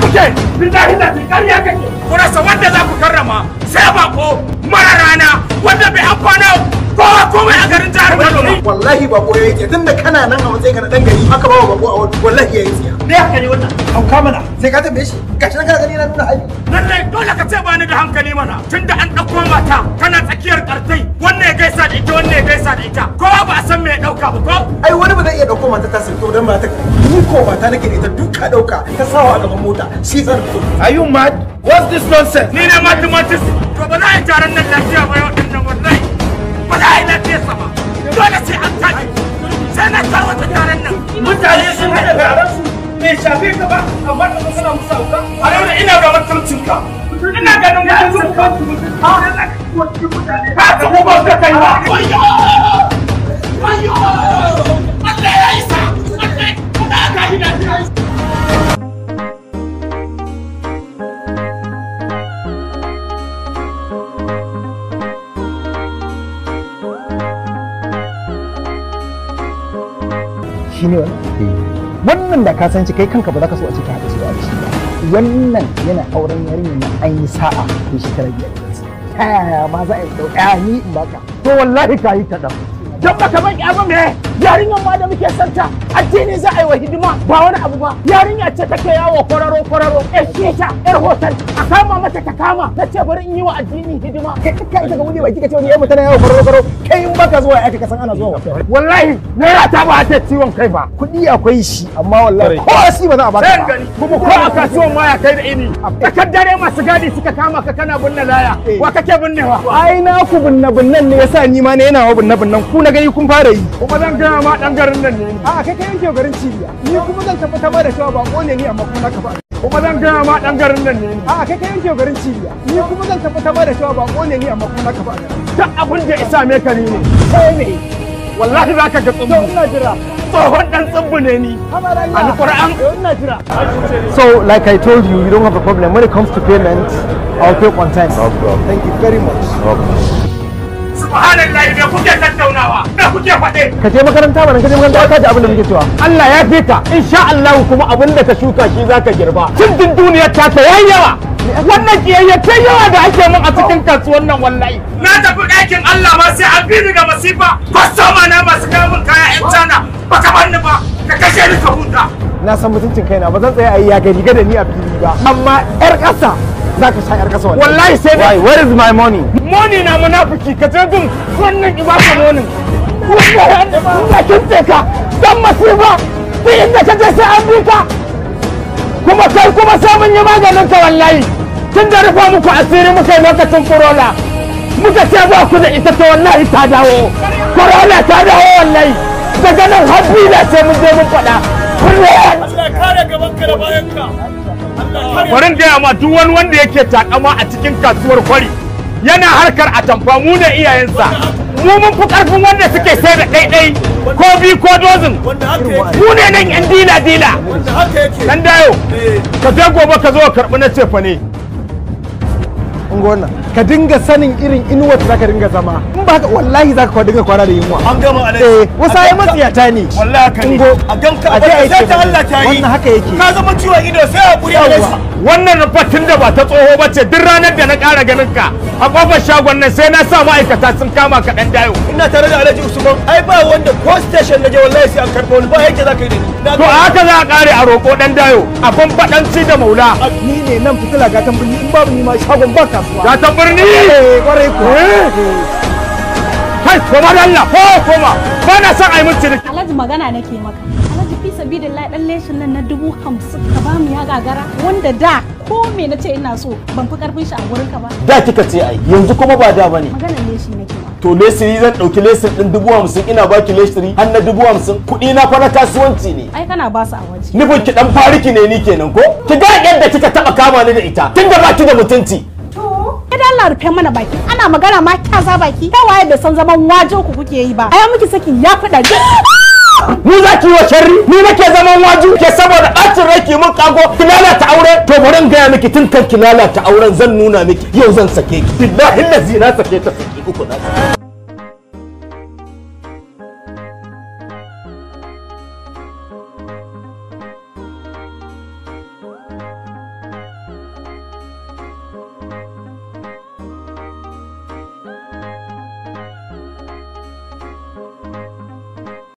ƙarya kuke billahi da ƙarya kake wanda za karrama sai bako mara rana wanda bai amfana kowa komai a garin jihar Kano wallahi tunda kana nan a matsayin kana dan gari aka bawa bako a wani wallahi yayi tsiya me haka ne wannan hauka mana sai ka tambaye shi gashi nan kana gani na nuna hali lallai dole ka ce ba ni da hankali mana tunda an dauko mata kana tsakiyar kartai wannan ya gaisa da ita wannan ya gaisa da ita kowa ba a san me ya dauka ba ko ai wani ba zai iya dauko mata ta sai to dan ba ta kawai mata nake da ita duka dauka ta sawa a gaban mota shi zan fito are you mad what's this nonsense ni ne mathematics to ba za a yi taron nan lafiya ba yau din wallahi ba za a yi lafiya sama dole sai an tashi sai na kawo wata taron nan mutane sun haɗa taron su bai shafe ka ba amma da kana musa ka a yau ina ga mutuncin ka ina ganin mutuncin ka ka ta ko ba ka kai ba wannan da ka san kai kanka ba za ka so a cikin haɗa su da ba. wannan yana auren yarinya na an yi sa'a ko shekara biyar ta yaya ma za a yi ɗauka ni in baka to wallahi ka yi ɗan." ka ban yarinyar ma da muke santa addini za a yi wa hidima ba wani abu ba yarinya ce take yawo kwararo kwararo yar eh, sheta yar hotel a kama mata ta kama na ce bari in yi wa addini hidima kai kika ita ga wuri bai kika ce wani yar mutane yawo kwararo kwararo kai in baka zuwa yaki ka san ana zuwa wallahi naira ta ba ta ciwon kai ba kuɗi akwai shi amma wallahi ko asi ba za a baka ba kuma ko a kasuwan ma ya kai da ini tsakar dare masu gadi suka kama ka kana binne laya eh. wa kake binnewa ai na ku binne binnen ne yasa ni ma ne yana wa binne binnen ku na gani kun fara yi kuma zan ga dama dan garin nan ne a kai ka yanke garin cibiya ni kuma zan tabbatar da cewa ni amma kuma ba kuma zan gaya ma dan garin nan ne a kai ka yanke garin cibiya ni kuma zan tabbatar da cewa bako ne ni amma kuma naka ba duk abin da isa me ne kai ne wallahi zaka ga tsumbu ina jira tsohon dan tsumbu ne ni alquran ina jira so like i told you you don't have a problem when it comes to payment i'll pay on time thank you very much subhanallahi me kuke tattaunawa me kuke faɗe ka je makaranta mana ka je makaranta ka ji abin da muke cewa Allah ya fi ka insha Allah kuma abin da ka shuka shi zaka girba cin din duniya ta ta yawa. wannan kiyayya ta yawa da ake mun a cikin kasuwar nan wallahi na tafi ɗakin Allah ma sai an bi ni ga masifa kwastoma na masu kamun kaya yan cana ka banni ba ka kashe ni ka huta na san mutuncin kaina ba zan tsaya ayi yi ya gani gada ni a fili ba amma 'yar ƙasa zaka sha yar kasa wallahi sai dai where is my money money na munafiki ka je dun wannan ki baka nonin wallahi kin tsaka dan masifa sai inda ka je sai an bika kuma kai kuma sai mun yi maganin ka wallahi tun da rufa muku asiri muka yi lokacin corona muka ce ba ku da ita ta wallahi ta dawo corona ta dawo wallahi daga nan har bila sai mun je mun faɗa Allah ya kare gaban ka da bayan ka Kwarin gaya ma duk wani wanda yake takama a cikin kasuwar kwari yana harkar atamfa mu da iyayensa. Mu mun fi ƙarfin wanda suke sai da ɗaiɗai ko bi ko dozin. Mu ne nan yan dila dila. Dan dayo ka je gobe ka zo ka karɓi na cefa ne. Ka dinga sanin irin inuwar da ka dinga zama. ba haka wallahi zaka kwa dinga kwana da yunwa an gama alai eh wasu ayi ta ne wallahi haka ne a ganka a bai sai ta Allah ta yi wannan haka yake ka zama ciwon ido sai hakuri a wasu wannan rufatin da ba ta tsoho ba ce duk ranar da na ƙara ganin ka a kofar shagon nan sai na sa ma'aikata sun kama ka dan dayo ina tare da Alhaji Usman ai ba wanda ko station naje wallahi sai an karbo ni ba yake zaka yi da ni to a haka za a kare a roko dan dayo a fadanci da maula ni ne nan fitila gatan birni in babu ni ma shagon ba kasuwa gatan birni eh kwarai ko kai koma da Allah ko koma bana son ai mutu da Alhaji magana nake maka Alhaji fi sabilillahi dan leshin nan na dubu hamsin ka ba mu ya gagara wanda da ko me nace ina so ban fi karfin shi a gurin ka ba da kika ce ai yanzu kuma ba da bane magana leshin nake to lesiri zan dauki lesin din dubu hamsin ina baki lesiri har na dubu hamsin kuɗi na fara na kasuwanci ne ai kana ba su a waje nufin ki dan fariki ne ni kenan ko ki ga yadda kika taba kama ni da ita tunda baki da mutunci da Allah rufe mana baki ana magana ma kyaza baki ta waye bai san zaman wajen ku kuke yi ba ai miki saki ya fada mu za ki wa sharri ni nake zaman waju ke saboda ɓacin rai ki mun kago ki lalata aure to bari in gaya miki tun kan ki lalata auren zan nuna miki yau zan sake ki billahi lazi na sake ta sake uku na